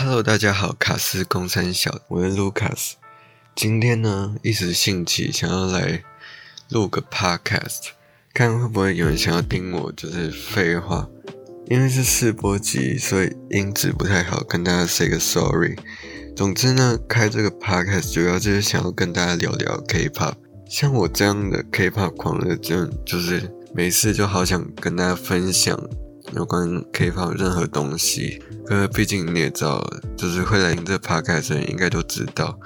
Hello，大家好，卡斯供三小，我是 Lucas。今天呢，一時興起，想要來錄個 Podcast，看會不會有人想要聽我就是廢話。因為是試播集，所以音質不太好，跟大家 say 個 Sorry。總之呢，開這個 Podcast 主要就是想要跟大家聊聊 K-pop。像我這樣的 K-pop 狂熱症，就是沒事就好想跟大家分享。有關 K-pop 任何東西，因為畢竟你也知道，就是會來聽這個 podcast 的人，應該都知道，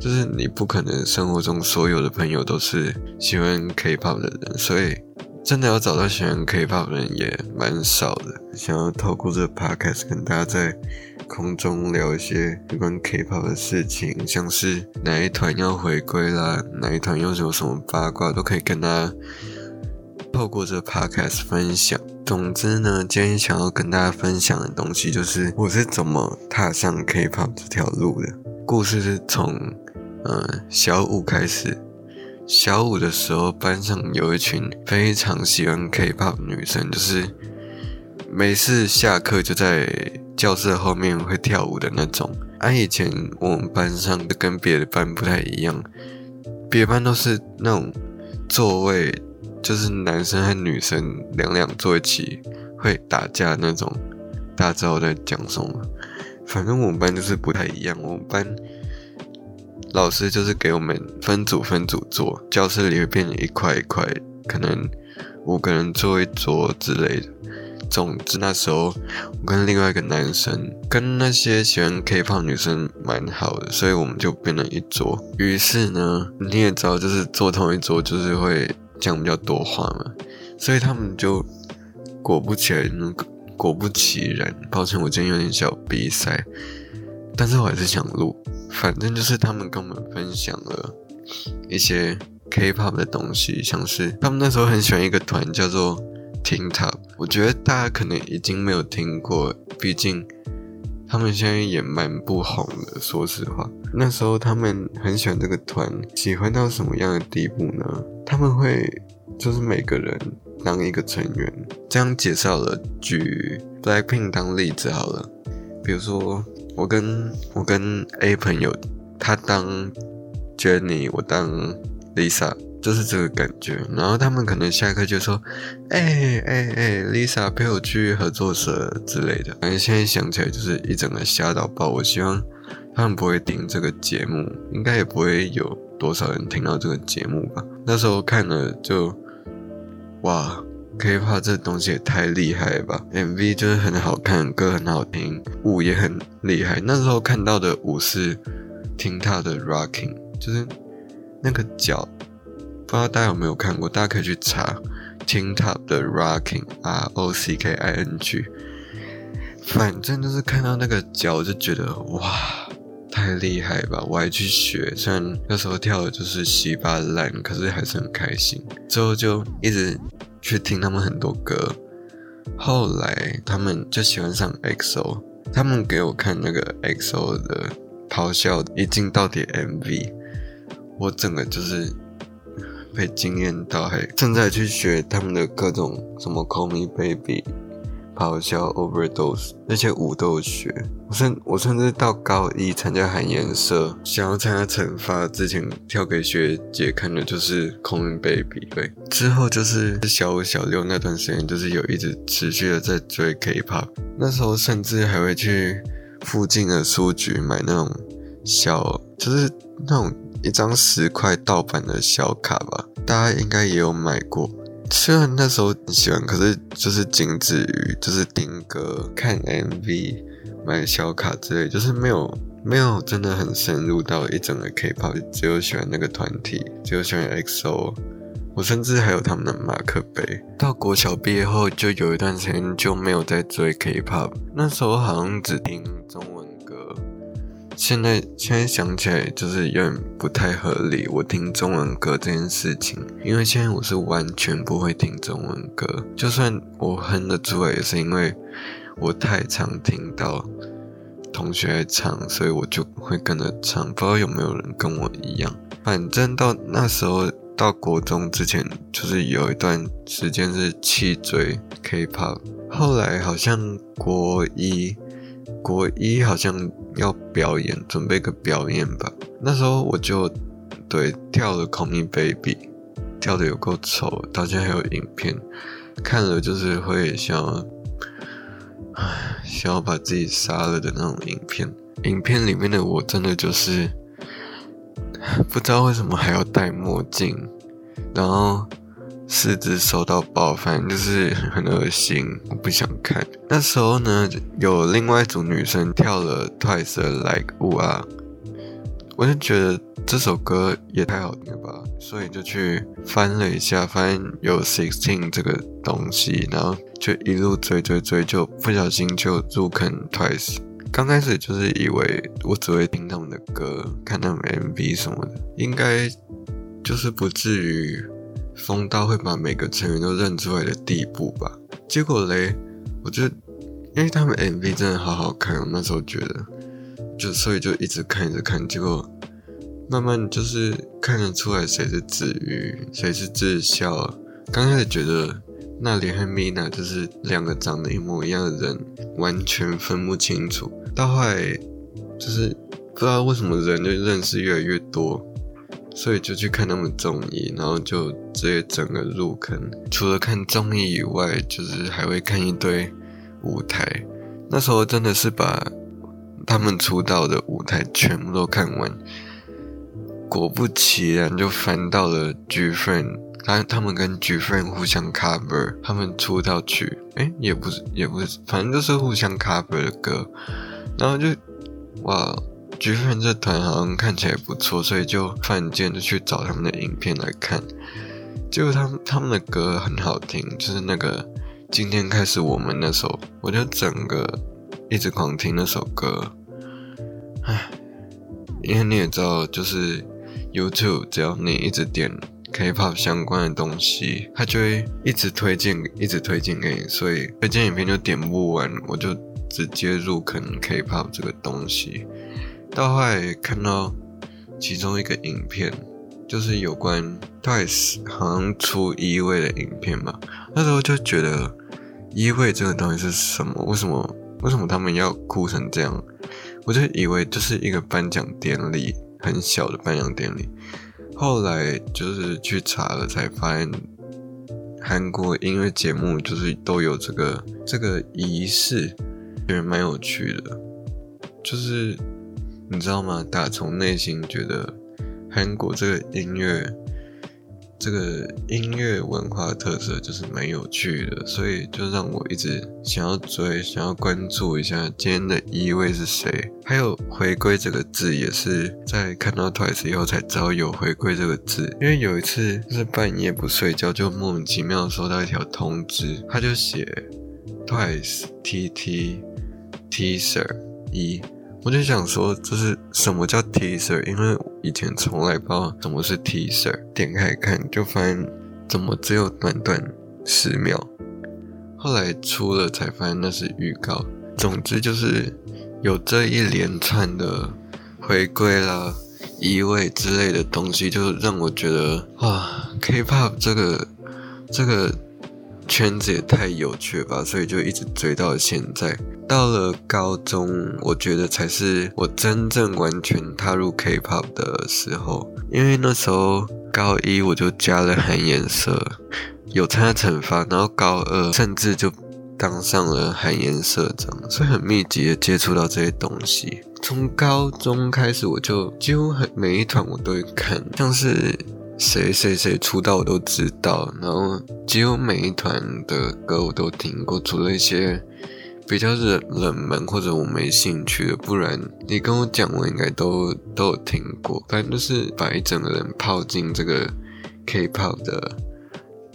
就是你不可能生活中所有的朋友都是喜歡 K-pop 的人，所以真的要找到喜歡 K-pop 的人也蠻少的。想要透過這個 podcast 跟大家在空中聊一些有關 K-pop 的事情，像是哪一團要回歸啦，哪一團又有什麼八卦，都可以跟大家透過這個 podcast 分享。總之呢，今天想要跟大家分享的東西，就是我是怎麼踏上 K-pop 這條路的。故事是從，呃，小五開始。小五的時候，班上有一群非常喜歡 K-pop 女生，就是每次下課就在教室後面會跳舞的那種。哎、啊，以前我們班上跟別的班不太一樣，別班都是那種座位。就是男生和女生兩兩坐一起會打架的那種，大家知道我在講什麼。反正我們班就是不太一樣，我們班老師就是給我們分組分組坐，教室裡會變成一塊一塊，可能五個人坐一桌之類的。總之那時候我跟另外一個男生跟那些喜歡 K 胖女生蠻好的，所以我們就變成一桌。於是呢，你也知道，就是坐同一桌就是會。這樣較較多話嘛，所以他們就果不其然，果不其然。抱歉，我今天有點小鼻塞，但是我還是想錄。反正就是他們跟我們分享了一些 K-pop 的東西，像是他們那時候很喜歡一個團叫做 Teen Top，我覺得大家可能已經沒有聽過，畢竟。他們現在也蠻不紅的，說實話。那時候他們很喜歡這個團，喜歡到什麼樣的地步呢？他們會就是每個人當一個成員，這樣介紹了，舉 BLACKPINK 當例子好了。比如說，我跟我跟 A 朋友，他當 JENNIE，我當 LISA。就是這個感覺，然後他們可能下課就說：“哎哎哎，Lisa 陪我去合作社之類的。”反正現在想起來就是一整個瞎到爆。我希望他們不會聽這個節目，應該也不會有多少人聽到這個節目吧。那時候看了就哇，K-pop 這東西也太厲害了吧！MV 就是很好看，歌很好聽，舞也很厲害。那時候看到的舞是聽他的 Rocking，就是那個腳。不知道大家有沒有看過？大家可以去查 Teen Top 的《Rocking》R O C K I N G，反正就是看到那個腳就覺得哇，太厲害吧！我還去學，雖然那時候跳的就是稀巴爛，可是還是很開心。之後就一直去聽他們很多歌，後來他們就喜歡上 EXO，他們給我看那個 EXO 的《咆哮》，一鏡到底 MV，我整個就是。被驚豔到，還正在去學他們的各種什麼《Call Me Baby》、《咆哮》、《Overdose》，那些舞都學。我甚我甚至到高一參加韓研社，想要參加懲罰之前跳給學姐看的，就是《Call Me Baby》。對，之後就是小五、小六那段時間，就是有一直持續的在追 K-pop。那時候甚至還會去附近的書局買那種小，就是那種。一張十塊盜版的小卡吧，大家應該也有買過。雖然那時候很喜歡，可是就是僅止於就是聽歌、看 MV、買小卡之類，就是沒有沒有真的很深入到一整個 K-pop，只有喜歡那個團體，只有喜歡 EXO。我甚至還有他們的馬克杯。到國小畢業後，就有一段時間就沒有再追 K-pop。那時候好像只聽中文。現在現在想起來就是有點不太合理，我聽中文歌這件事情，因為現在我是完全不會聽中文歌，就算我哼得出來，也是因為我太常聽到同學唱，所以我就會跟着唱。不知道有沒有人跟我一樣？反正到那時候到國中之前，就是有一段時間是棄追 K-pop，後來好像國一，國一好像要表演，準備個表演吧。那時候我就對跳了《Call Me Baby》，跳得有夠醜，到現在還有影片看了，就是會想要想要把自己殺了的那種影片。影片裡面的我真的就是不知道為什麼還要戴墨鏡，然後。四肢收到爆翻，就是很噁心，我不想看。那時候呢，有另外一組女生跳了 Twice 的《Like OOH-AHH》啊，我就覺得這首歌也太好聽了吧，所以就去翻了一下，發現有 Sixteen 這個東西，然後就一路追追追，就不小心就入坑 Twice。剛開始就是以為我只會聽他們的歌，看他們 MV 什麼的，應該就是不至於。瘋到會把每個成員都認出來的地步吧。結果嘞，我就因為他們 MV 真的好好看，我那時候覺得，就所以就一直看着看，結果慢慢就是看得出來誰是子瑜，誰是志效。剛開始覺得娜璉和 Mina 就是兩個長得一模一樣的人，完全分不清楚。到後來就是不知道為什麼人就認識越來越多。所以就去看他們綜藝，然後就直接整個入坑。除了看綜藝以外，就是還會看一堆舞台。那時候真的是把他們出道的舞台全部都看完。果不其然，就翻到了 GFriend 他他們跟 GFriend 互相 cover 他們出道曲，哎、欸，也不是也不是，反正就是互相 cover 的歌。然後就，哇。橘夫人這團好像看起來不錯，所以就犯賤的去找他們的影片來看。結果他們他們的歌很好聽，就是那個《今天開始我們》那首，我就整個一直狂聽那首歌。唉，因為你也知道，就是 YouTube 只要你一直點 K-pop 相關的東西，它就會一直推薦，一直推薦給你，所以推薦影片就點不完。我就直接入坑 K-pop 這個東西。到後來看到其中一個影片，就是有關 TWICE 好像出一位的影片吧。那時候就覺得一位這個東西是什麼？為什麼？為什麼他們要哭成這樣？我就以為就是一個頒獎典禮，很小的頒獎典禮。後來就是去查了，才發現韓國音樂節目就是都有這個這個儀式，也蠻有趣的，就是。你知道嗎？打從內心覺得韓國這個音樂，這個音樂文化特色就是蠻有趣的，所以就讓我一直想要追，想要關注一下今天的一位是誰。還有“回歸”這個字也是在看到 Twice 以後才知道有“回歸”這個字，因為有一次就是半夜不睡覺，就莫名其妙收到一條通知，他就寫 Twice TT teaser 一。我就想說，就是什麼叫 teaser？因為以前從來不知道什麼是 teaser。點開看就發現，怎麼只有短短十秒？後來出了才發現那是預告。總之就是有這一連串的回歸啦、移位之類的東西，就讓我覺得哇，K-pop 這個這個圈子也太有趣了吧！所以就一直追到了現在。到了高中，我覺得才是我真正完全踏入 K-pop 的時候。因為那時候高一我就加了韓研社，有參加成發，然後高二甚至就當上了韓研社長，所以很密集的接觸到這些東西。從高中開始，我就幾乎每一團我都會看，像是誰誰誰出道我都知道，然後幾乎每一團的歌我都聽過，除了一些。比較冷冷門或者我沒興趣的，不然你跟我講，我應該都都有聽過。反正就是把一整個人泡進這個 K-pop 的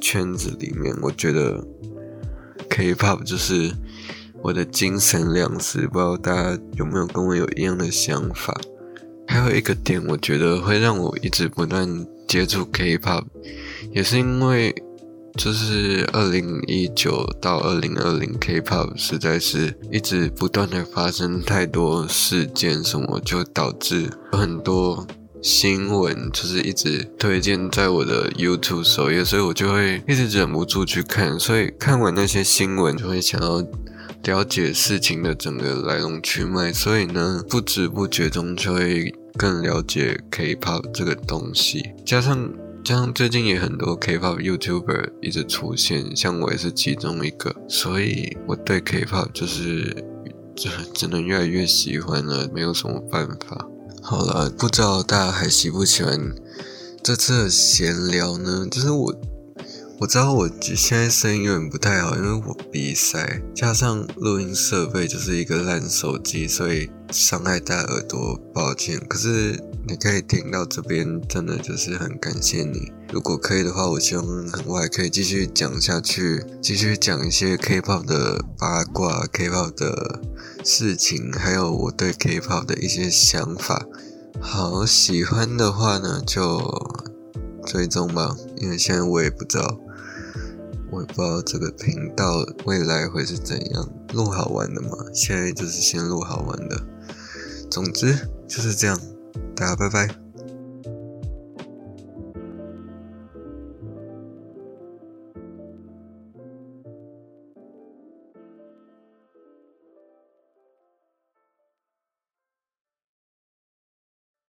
圈子裡面，我覺得 K-pop 就是我的精神糧食。不知道大家有沒有跟我有一樣的想法？還有一個點，我覺得會讓我一直不斷接觸 K-pop，也是因為。就是二零一九到二零二零，K-pop 實在是一直不斷的發生太多事件，什麼就導致有很多新聞，就是一直推薦在我的 YouTube 首頁，所以我就會一直忍不住去看。所以看完那些新聞，就會想要了解事情的整個來龍去脈。所以呢，不知不覺中就會更了解 K-pop 這個東西，加上。像最近也很多 K-pop YouTuber 一直出現，像我也是其中一個，所以我對 K-pop 就是就真只能越來越喜歡了，沒有什麼辦法。好了，不知道大家還喜不喜歡這次的閒聊呢？就是我。我知道我現在聲音有點不太好，因為我鼻塞，加上錄音設備就是一個爛手機，所以傷害大家耳朵，抱歉。可是你可以聽到這邊，真的就是很感謝你。如果可以的話，我希望我還可以繼續講下去，繼續講一些 K-pop 的八卦，K-pop 的事情，還有我對 K-pop 的一些想法。好，喜歡的話呢就追蹤吧，因為現在我也不知道。我也不知道這個頻道未來會是怎樣，錄好玩的嘛，現在就是先錄好玩的，總之就是這樣，大家拜拜。